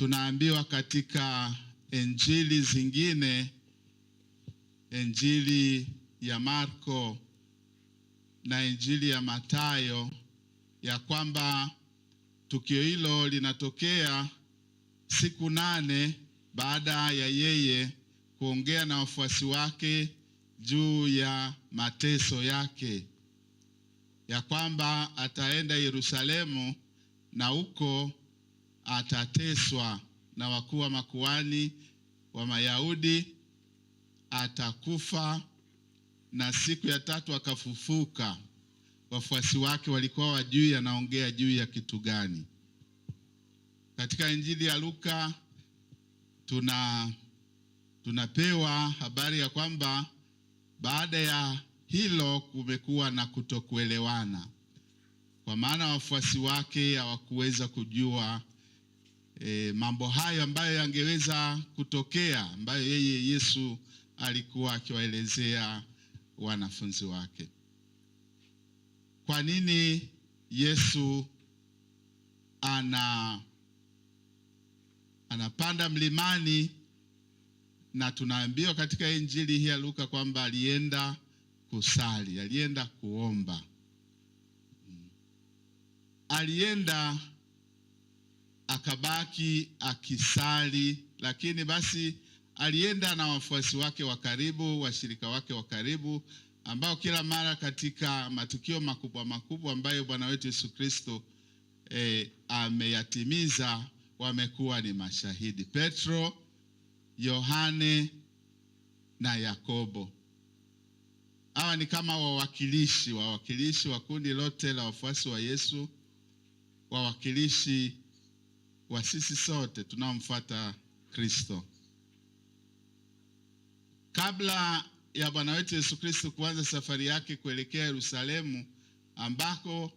tunaambiwa katika injili zingine, injili ya Marko na injili ya matayo ya kwamba tukio hilo linatokea siku nane baada ya yeye kuongea na wafuasi wake juu ya mateso yake, ya kwamba ataenda Yerusalemu na huko atateswa na wakuu wa makuhani wa Mayahudi, atakufa na siku ya tatu akafufuka. Wafuasi wake walikuwa wajui anaongea juu ya kitu gani. Katika Injili ya Luka tuna tunapewa habari ya kwamba baada ya hilo kumekuwa na kutokuelewana, kwa maana wafuasi wake hawakuweza kujua e, mambo hayo ambayo yangeweza kutokea ambayo yeye Yesu alikuwa akiwaelezea wanafunzi wake. Kwa nini Yesu ana anapanda mlimani na tunaambiwa katika Injili hii ya Luka kwamba alienda kusali, alienda kuomba, alienda akabaki akisali, lakini basi alienda na wafuasi wake wa karibu, washirika wake wa karibu ambao kila mara katika matukio makubwa makubwa ambayo Bwana wetu Yesu Kristo eh, ameyatimiza wamekuwa ni mashahidi: Petro, Yohane na Yakobo. Hawa ni kama wawakilishi, wawakilishi wa kundi lote la wafuasi wa Yesu, wawakilishi wa sisi sote tunaomfuata Kristo. Kabla ya Bwana wetu Yesu Kristo kuanza safari yake kuelekea Yerusalemu ambako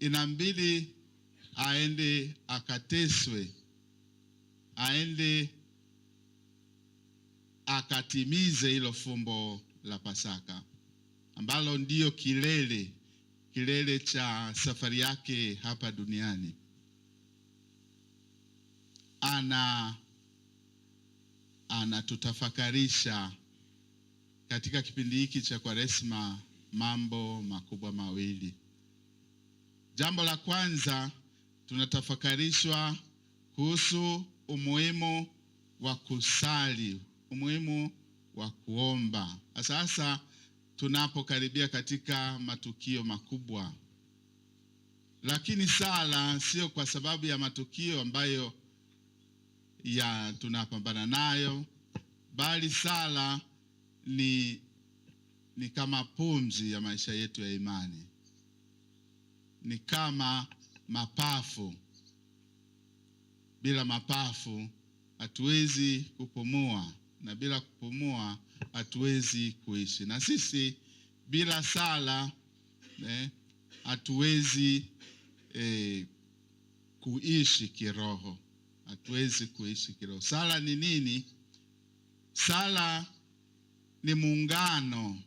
inambidi aende akateswe, aende akatimize hilo fumbo la Pasaka ambalo ndiyo kilele kilele cha safari yake hapa duniani ana anatutafakarisha katika kipindi hiki cha Kwaresma mambo makubwa mawili. Jambo la kwanza, tunatafakarishwa kuhusu umuhimu wa kusali, umuhimu wa kuomba. Sasa tunapokaribia katika matukio makubwa, lakini sala sio kwa sababu ya matukio ambayo ya tunapambana nayo, bali sala ni, ni kama pumzi ya maisha yetu ya imani, ni kama mapafu. Bila mapafu hatuwezi kupumua, na bila kupumua hatuwezi kuishi. Na sisi bila sala eh, hatuwezi eh, eh, kuishi kiroho hatuwezi kuishi kiroho. Sala ni nini? Sala ni muungano,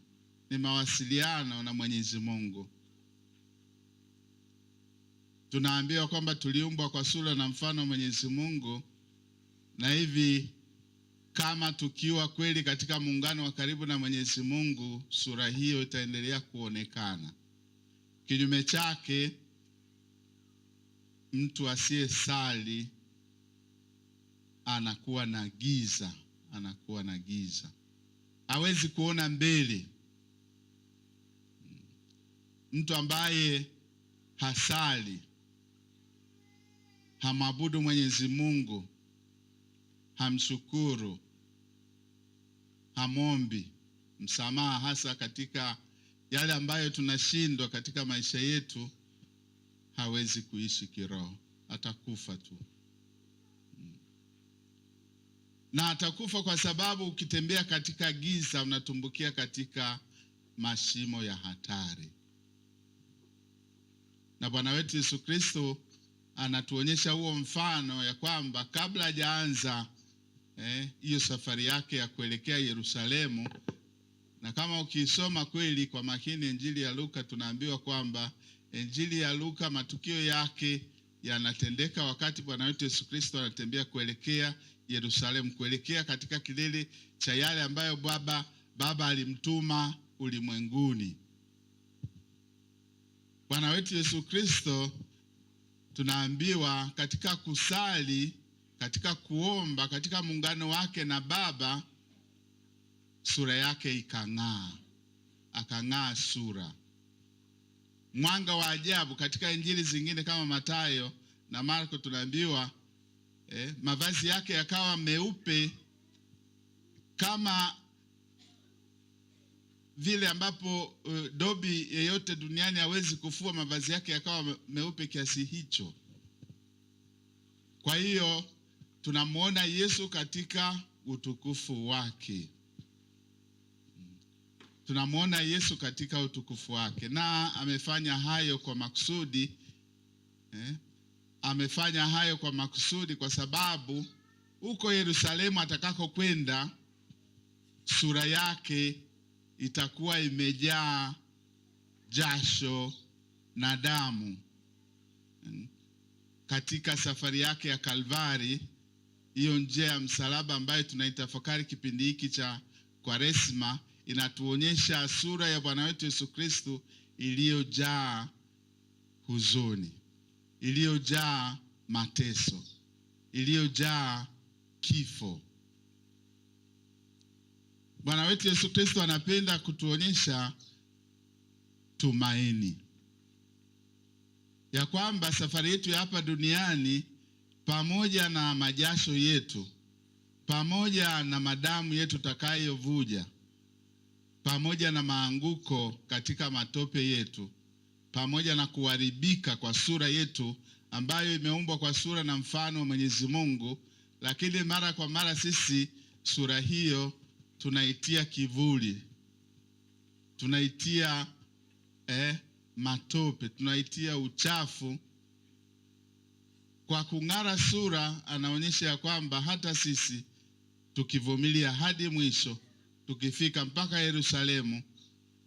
ni mawasiliano na Mwenyezi Mungu. Tunaambiwa kwamba tuliumbwa kwa sura na mfano wa Mwenyezi Mungu, na hivi kama tukiwa kweli katika muungano wa karibu na Mwenyezi Mungu, sura hiyo itaendelea kuonekana. Kinyume chake, mtu sali anakuwa na giza, anakuwa na giza, hawezi kuona mbele. Mtu ambaye hasali, hamwabudu Mwenyezi Mungu, hamshukuru, hamombi msamaha, hasa katika yale ambayo tunashindwa katika maisha yetu, hawezi kuishi kiroho, atakufa tu na atakufa kwa sababu ukitembea katika giza unatumbukia katika mashimo ya hatari. Na Bwana wetu Yesu Kristo anatuonyesha huo mfano ya kwamba kabla hajaanza eh, hiyo eh, safari yake ya kuelekea Yerusalemu, na kama ukiisoma kweli kwa makini Injili ya Luka, tunaambiwa kwamba Injili ya Luka matukio yake yanatendeka wakati Bwana wetu Yesu Kristo anatembea kuelekea Yerusalemu kuelekea katika kilele cha yale ambayo Baba Baba alimtuma ulimwenguni. Bwana wetu Yesu Kristo, tunaambiwa katika kusali, katika kuomba, katika muungano wake na Baba, sura yake ikang'aa, akang'aa sura, mwanga wa ajabu. Katika injili zingine kama Mathayo na Marko tunaambiwa eh, mavazi yake yakawa meupe kama vile ambapo uh, eh, dobi yeyote duniani hawezi kufua mavazi yake yakawa meupe kiasi hicho. Kwa hiyo tunamwona Yesu katika utukufu wake, tunamwona Yesu katika utukufu wake, na amefanya hayo kwa makusudi eh? amefanya hayo kwa makusudi, kwa sababu huko Yerusalemu atakakokwenda sura yake itakuwa imejaa jasho na damu. Katika safari yake ya Kalvari, hiyo njia ya msalaba ambayo tunaitafakari kipindi hiki cha Kwaresma inatuonyesha sura ya Bwana wetu Yesu Kristu iliyojaa huzuni iliyojaa mateso, iliyojaa kifo. Bwana wetu Yesu Kristo anapenda kutuonyesha tumaini ya kwamba safari yetu ya hapa duniani pamoja na majasho yetu, pamoja na madamu yetu takayovuja pamoja na maanguko katika matope yetu pamoja na kuharibika kwa sura yetu ambayo imeumbwa kwa sura na mfano wa Mwenyezi Mungu, lakini mara kwa mara sisi sura hiyo tunaitia kivuli, tunaitia eh, matope, tunaitia uchafu. Kwa kung'ara sura, anaonyesha ya kwamba hata sisi tukivumilia hadi mwisho, tukifika mpaka Yerusalemu,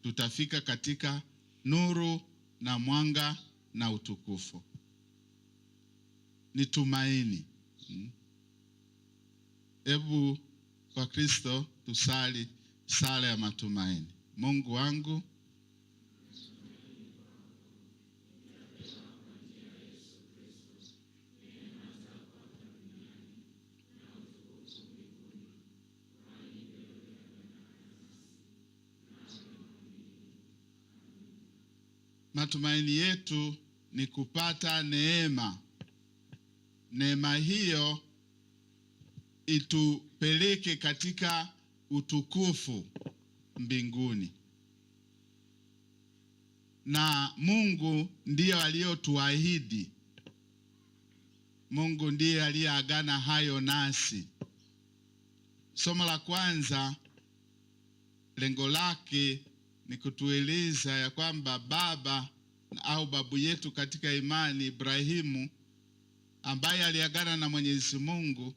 tutafika katika nuru na mwanga na utukufu. Ni tumaini. Hebu hmm? kwa Kristo tusali sala ya matumaini. Mungu wangu matumaini yetu ni kupata neema. Neema hiyo itupeleke katika utukufu mbinguni, na Mungu ndiyo aliyotuahidi. Mungu ndiye aliyeagana hayo nasi. Somo la kwanza lengo lake ni kutueleza ya kwamba baba au babu yetu katika imani Ibrahimu ambaye aliagana na Mwenyezi Mungu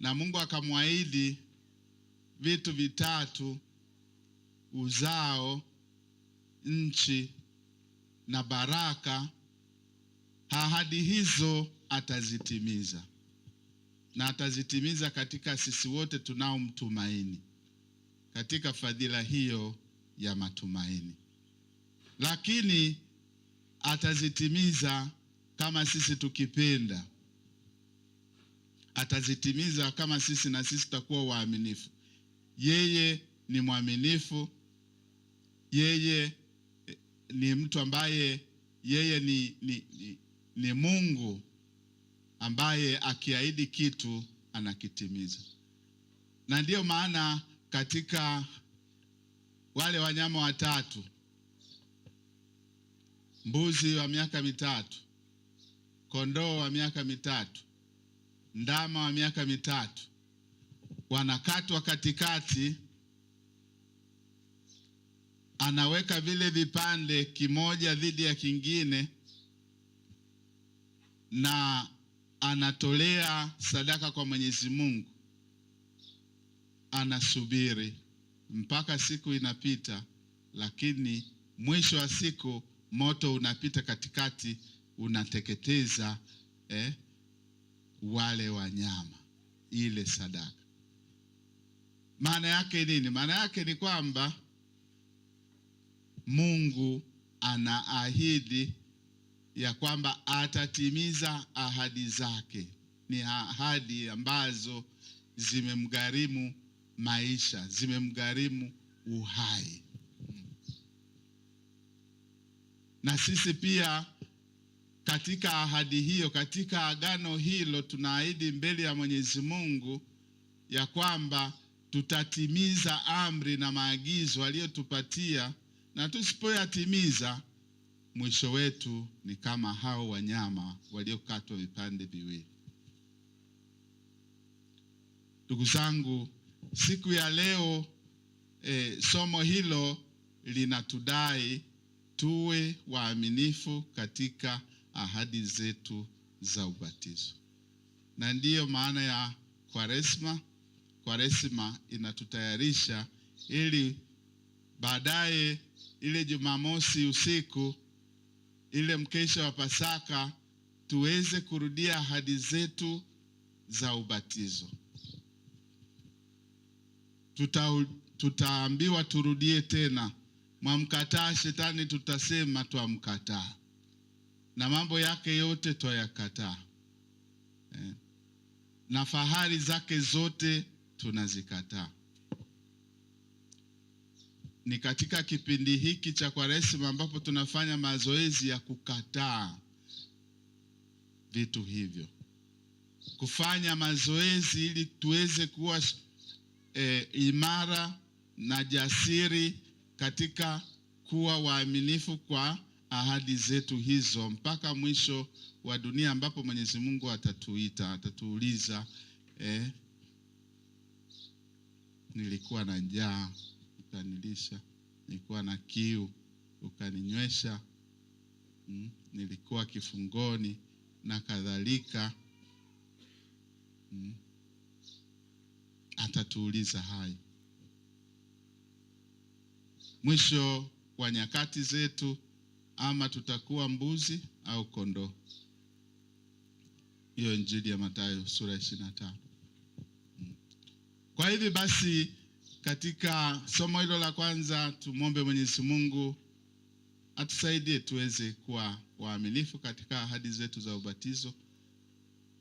na Mungu akamwahidi vitu vitatu: uzao, nchi na baraka. Ahadi hizo atazitimiza na atazitimiza katika sisi wote tunaomtumaini. Katika fadhila hiyo ya matumaini, lakini atazitimiza kama sisi tukipenda, atazitimiza kama sisi na sisi tutakuwa waaminifu. Yeye ni mwaminifu, yeye eh, ni mtu ambaye yeye ni, ni, ni, ni Mungu ambaye akiahidi kitu anakitimiza, na ndiyo maana katika wale wanyama watatu, mbuzi wa miaka mitatu, kondoo wa miaka mitatu, ndama wa miaka mitatu, wanakatwa katikati, anaweka vile vipande kimoja dhidi ya kingine na anatolea sadaka kwa Mwenyezi Mungu, anasubiri mpaka siku inapita, lakini mwisho wa siku moto unapita katikati unateketeza eh, wale wanyama, ile sadaka. Maana yake nini? Maana yake ni kwamba Mungu anaahidi ya kwamba atatimiza ahadi zake. Ni ahadi ambazo zimemgharimu maisha, zimemgharimu uhai. Na sisi pia katika ahadi hiyo, katika agano hilo, tunaahidi mbele ya Mwenyezi Mungu ya kwamba tutatimiza amri na maagizo aliyotupatia, na tusipoyatimiza mwisho wetu ni kama hao wanyama waliokatwa vipande viwili. Ndugu zangu siku ya leo e, somo hilo linatudai tuwe waaminifu katika ahadi zetu za ubatizo, na ndiyo maana ya Kwaresma. Kwaresma inatutayarisha ili baadaye ile Jumamosi usiku ile mkesha wa Pasaka tuweze kurudia ahadi zetu za ubatizo tuta, tutaambiwa turudie tena, mwamkataa shetani, tutasema twamkataa na mambo yake yote twayakataa eh, na fahari zake zote tunazikataa. Ni katika kipindi hiki cha Kwaresima ambapo tunafanya mazoezi ya kukataa vitu hivyo, kufanya mazoezi ili tuweze kuwa e, imara na jasiri katika kuwa waaminifu kwa ahadi zetu hizo mpaka mwisho wa dunia ambapo Mwenyezi Mungu atatuita, atatuuliza eh, nilikuwa na njaa ukanilisha, nilikuwa na kiu ukaninywesha, mm, nilikuwa kifungoni na kadhalika mm atatuuliza hayo. Mwisho wa nyakati zetu, ama tutakuwa mbuzi au kondoo. Hiyo Injili ya Mathayo sura ishirini na tano. Kwa hivi basi, katika somo hilo la kwanza, tumwombe Mwenyezi Mungu atusaidie tuweze kuwa waaminifu katika ahadi zetu za ubatizo,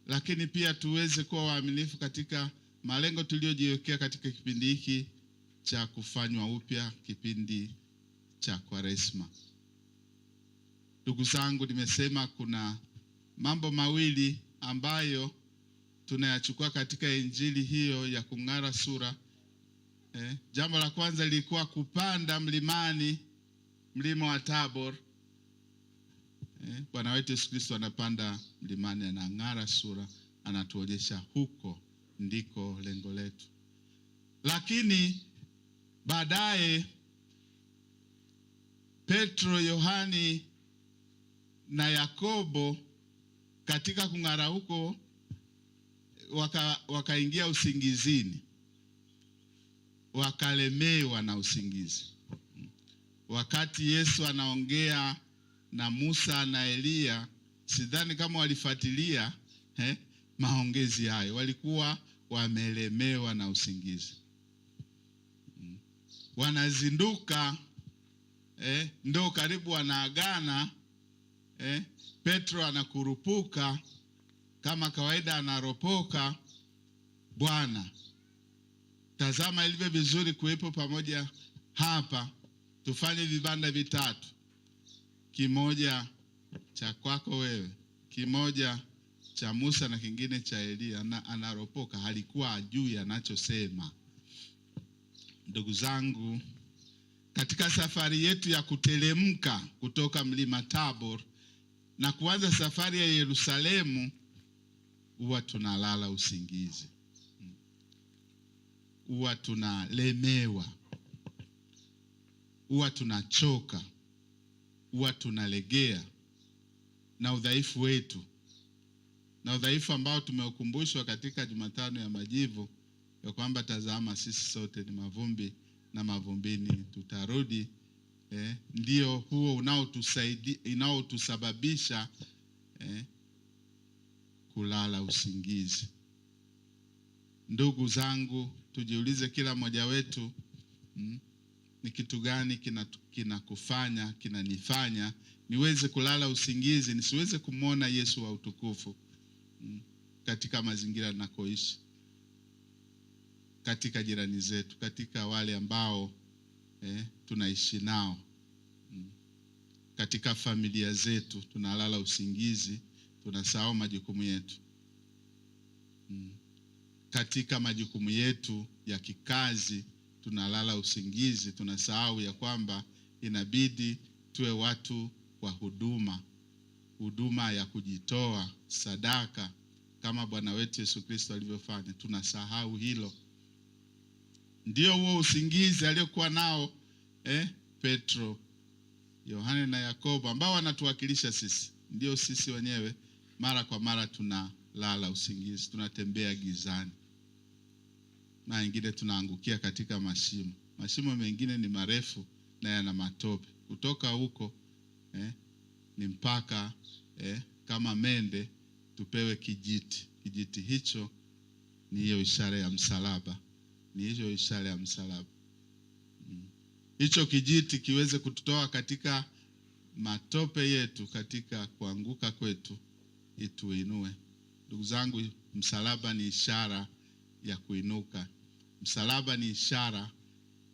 lakini pia tuweze kuwa waaminifu katika malengo tuliyojiwekea katika kipindi hiki cha kufanywa upya, kipindi cha Kwaresma. Ndugu zangu, nimesema kuna mambo mawili ambayo tunayachukua katika injili hiyo ya kung'ara sura. Eh, jambo la kwanza lilikuwa kupanda mlimani, mlima wa Tabor. Eh, Bwana wetu Yesu Kristo anapanda mlimani, anang'ara sura, anatuonyesha huko ndiko lengo letu, lakini baadaye Petro, Yohani na Yakobo katika kung'ara huko wakaingia waka usingizini, wakalemewa na usingizi. Wakati Yesu anaongea na Musa na Eliya, sidhani kama walifuatilia eh? maongezi hayo, walikuwa wamelemewa na usingizi. Hmm. Wanazinduka eh, ndo karibu wanaagana eh, Petro anakurupuka kama kawaida, anaropoka. Bwana, tazama ilivyo vizuri kuwepo pamoja hapa, tufanye vibanda vitatu, kimoja cha kwako wewe, kimoja cha Musa na kingine cha elia na anaropoka, alikuwa ajui anachosema. Ndugu zangu, katika safari yetu ya kuteremka kutoka mlima Tabor na kuanza safari ya Yerusalemu, huwa tunalala usingizi, huwa tunalemewa, huwa tunachoka, huwa tunalegea na udhaifu wetu na udhaifu ambao tumeukumbushwa katika Jumatano ya Majivu ya kwamba tazama, sisi sote ni mavumbi na mavumbini tutarudi. Eh, ndio huo unaotusaidia unaotusababisha eh, kulala usingizi. Ndugu zangu, tujiulize kila mmoja wetu mm, ni kitu gani kinakufanya kina kinanifanya niweze kulala usingizi nisiweze kumwona Yesu wa utukufu katika mazingira ninakoishi, katika jirani zetu, katika wale ambao eh, tunaishi nao, mm. katika familia zetu. Tunalala usingizi, tunasahau majukumu yetu, mm. katika majukumu yetu ya kikazi tunalala usingizi, tunasahau ya kwamba inabidi tuwe watu wa huduma huduma ya kujitoa sadaka kama Bwana wetu Yesu Kristo alivyofanya. Tunasahau hilo. Ndio huo usingizi aliyokuwa nao eh, Petro, Yohane na Yakobo ambao wanatuwakilisha sisi. Ndio sisi wenyewe mara kwa mara tunalala usingizi, tunatembea gizani, na nyingine tunaangukia katika mashimo. Mashimo mengine ni marefu na yana matope. Kutoka huko eh, ni mpaka eh, kama mende tupewe kijiti. Kijiti hicho ni hiyo ishara ya msalaba, ni hiyo ishara ya msalaba. Mm. Hicho kijiti kiweze kututoa katika matope yetu, katika kuanguka kwetu, ituinue. Ndugu zangu, msalaba ni ishara ya kuinuka. Msalaba ni ishara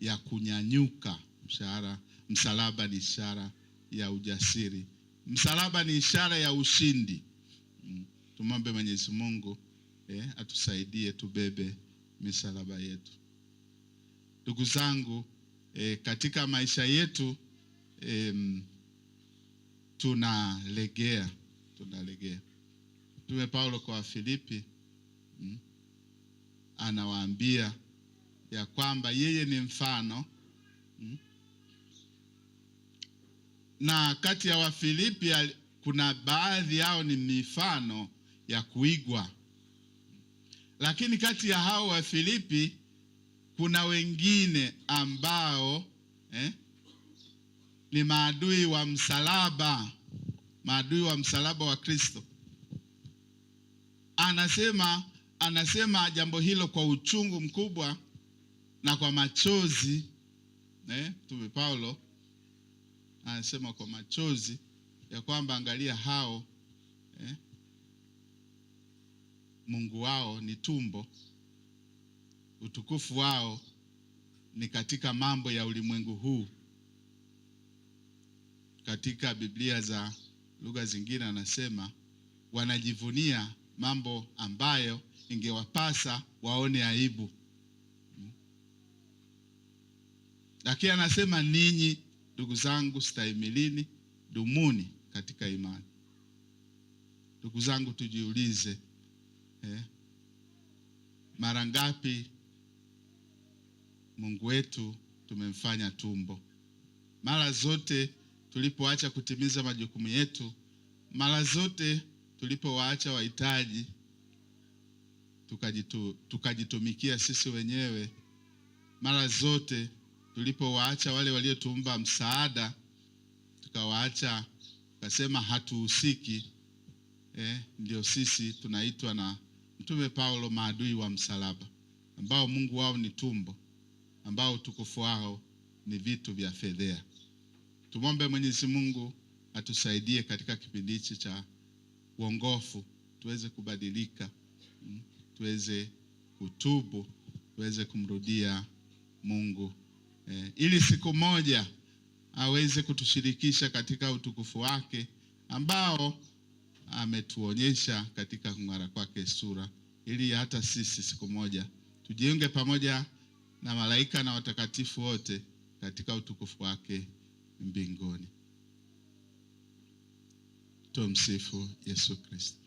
ya kunyanyuka. Mshahara, msalaba ni ishara ya ujasiri. Msalaba ni ishara ya ushindi. Mm. Tumwombe Mwenyezi Mungu eh, atusaidie tubebe misalaba yetu. Ndugu zangu eh, katika maisha yetu eh, tunalegea tunalegea. Mtume Paulo kwa Filipi mm, anawaambia ya kwamba yeye ni mfano mm, na kati ya Wafilipi kuna baadhi yao ni mifano ya kuigwa, lakini kati ya hao Wafilipi kuna wengine ambao eh, ni maadui wa msalaba, maadui wa msalaba wa Kristo. Anasema, anasema jambo hilo kwa uchungu mkubwa na kwa machozi eh, Mtume Paulo anasema kwa machozi ya kwamba angalia hao eh, Mungu wao ni tumbo, utukufu wao ni katika mambo ya ulimwengu huu. Katika Biblia za lugha zingine anasema wanajivunia mambo ambayo ingewapasa waone aibu, hmm. lakini anasema ninyi Ndugu zangu, stahimilini, dumuni katika imani. Ndugu zangu, tujiulize eh, mara ngapi Mungu wetu tumemfanya tumbo? Mara zote tulipoacha kutimiza majukumu yetu, mara zote tulipowaacha wahitaji tukajitu, tukajitumikia sisi wenyewe, mara zote tulipowaacha wale waliotumba msaada, tukawaacha tukasema hatuhusiki eh, ndio sisi tunaitwa na Mtume Paulo maadui wa msalaba, ambao Mungu wao ni tumbo, ambao utukufu wao ni vitu vya fedhea. Tumwombe Mwenyezi Mungu atusaidie katika kipindi hichi cha uongofu, tuweze kubadilika, mm, tuweze kutubu, tuweze kumrudia Mungu eh, ili siku moja aweze kutushirikisha katika utukufu wake ambao ametuonyesha katika kung'ara kwake sura, ili hata sisi siku moja tujiunge pamoja na malaika na watakatifu wote katika utukufu wake mbinguni. Tumsifu Yesu Kristo.